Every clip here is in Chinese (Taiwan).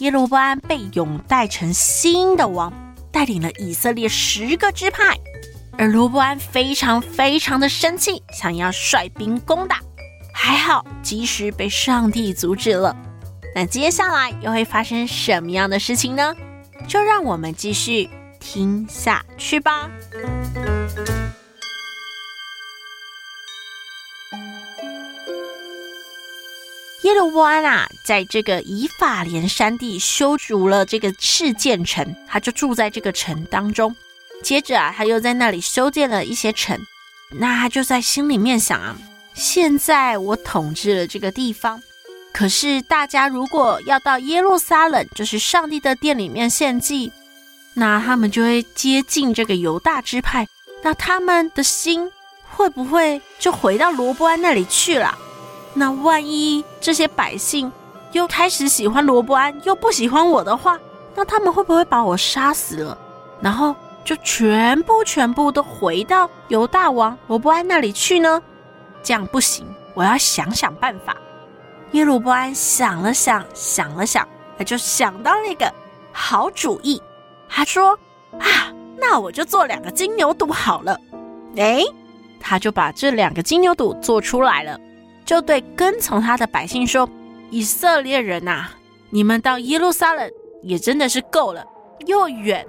耶羅波安被擁戴成新的王，帶領了以色列十個支派，而羅波安非常非常的生氣，想要率兵攻打，還好及時被上帝阻止了。那接下來又會發生什麼樣的事情呢？就讓我們繼續聽下去吧。耶羅波安啊，在這個以法蓮山地修築了這個示劍城，他就住在這個城當中。接着啊，他又在那裡修建了一些城。那他就在心裡面想啊：現在我統治了這個地方，可是大家如果要到耶路撒冷，就是上帝的殿裡面獻祭，那他們就會接近這個猶大支派，那他們的心會不會就回到羅波安那裡去了？那萬一這些百姓又開始喜歡羅波安，又不喜歡我的話，那他們會不會把我殺死了，然後就全部全部都回到猶大王羅波安那裡去呢？這樣不行，我要想想辦法。耶羅波安想了想，想了想，他就想到一個好主意，他說：“啊，那我就做兩個金牛犢好了。”誒，他就把這兩個金牛犢做出來了。就對跟從他的百姓說：“以色列人吶、啊，你們到耶路撒冷也真的是夠了，又遠，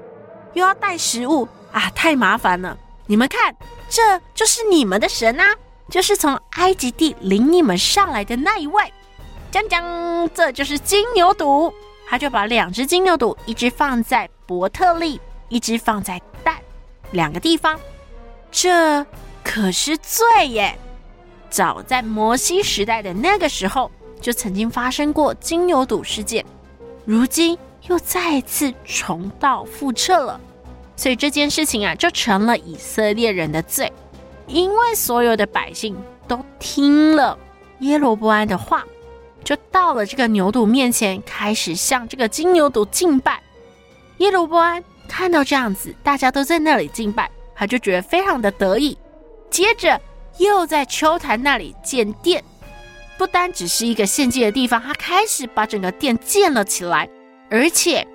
又要帶食物啊，太麻煩了。你們看，這就是你們的神吶、啊，就是從埃及地領你們上來的那一位。將將，這就是金牛犢。他就把兩只金牛犢，一只放在伯特利，一只放在但，兩個地方，這可是罪耶。”早在摩西時代的那個時候，就曾經發生過金牛犢事件，如今又再次重蹈覆轍了，所以這件事情啊，就成了以色列人的罪，因為所有的百姓都聽了耶羅波安的話，就到了這個牛犢面前，開始向這個金牛犢敬拜。耶羅波安看到這樣子，大家都在那裡敬拜，他就覺得非常的得意，接着，又在邱壇那裡建殿，不單只是一個獻祭的地方，他開始把整個殿建了起來，而且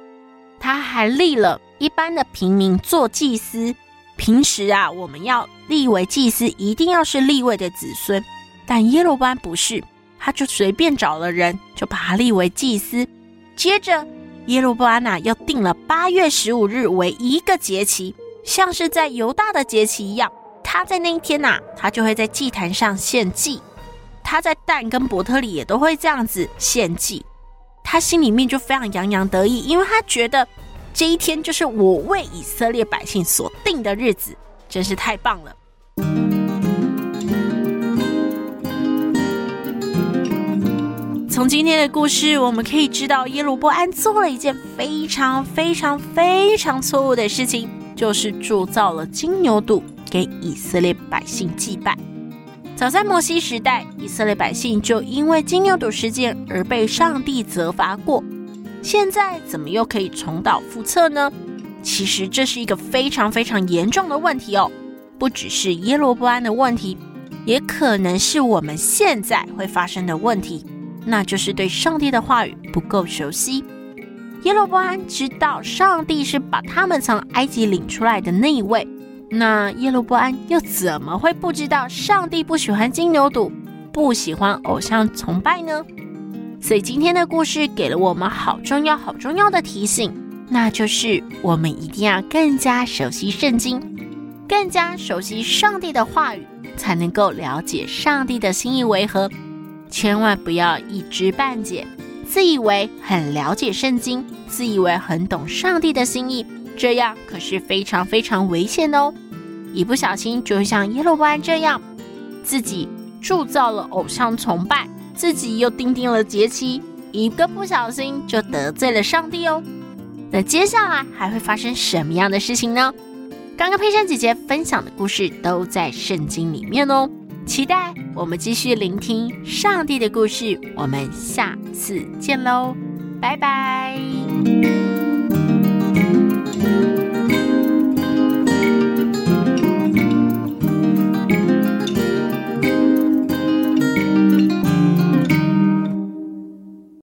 他還立了一般的平民做祭司。平時啊，我們要立為祭司，一定要是利未的子孫，但耶羅波安不是，他就隨便找了人，就把他立為祭司。接着，耶羅波安吶，又定了八月十五日為一個節期，像是在猶大的節期一樣。他在那一天吶、啊，他就會在祭壇上獻祭；他在但跟伯特利也都會這樣子獻祭。他心裡面就非常洋洋得意，因為他覺得這一天就是我為以色列百姓所定的日子，真是太棒了。從今天的故事，我們可以知道耶羅波安做了一件非常非常非常錯誤的事情，就是鑄造了金牛犢，給以色列百姓祭拜。早在摩西時代，以色列百姓就因為金牛犢事件而被上帝責罰過。現在怎麼又可以重蹈覆轍呢？其實這是一個非常非常嚴重的問題哦。不只是耶羅波安的問題，也可能是我們現在會發生的問題，那就是對上帝的話語不夠熟悉。耶羅波安知道上帝是把他們從埃及領出來的那一位。那耶羅波安又怎麼會不知道上帝不喜歡金牛犢，不喜歡偶像崇拜呢？所以今天的故事給了我們好重要、好重要的提醒，那就是我們一定要更加熟悉聖經，更加熟悉上帝的話語，才能夠了解上帝的心意為何。千萬不要一知半解，自以為很了解聖經，自以為很懂上帝的心意。這樣可是非常非常危險哦，一不小心就會像耶羅波安這樣，自己鑄造了偶像崇拜，自己又訂定了節期，一個不小心就得罪了上帝哦。那接下來還會發生什麼樣的事情呢？剛剛佩珊姐姐分享的故事都在聖經裡面哦，期待我們繼續聆聽上帝的故事。我們下次見嘍，拜拜。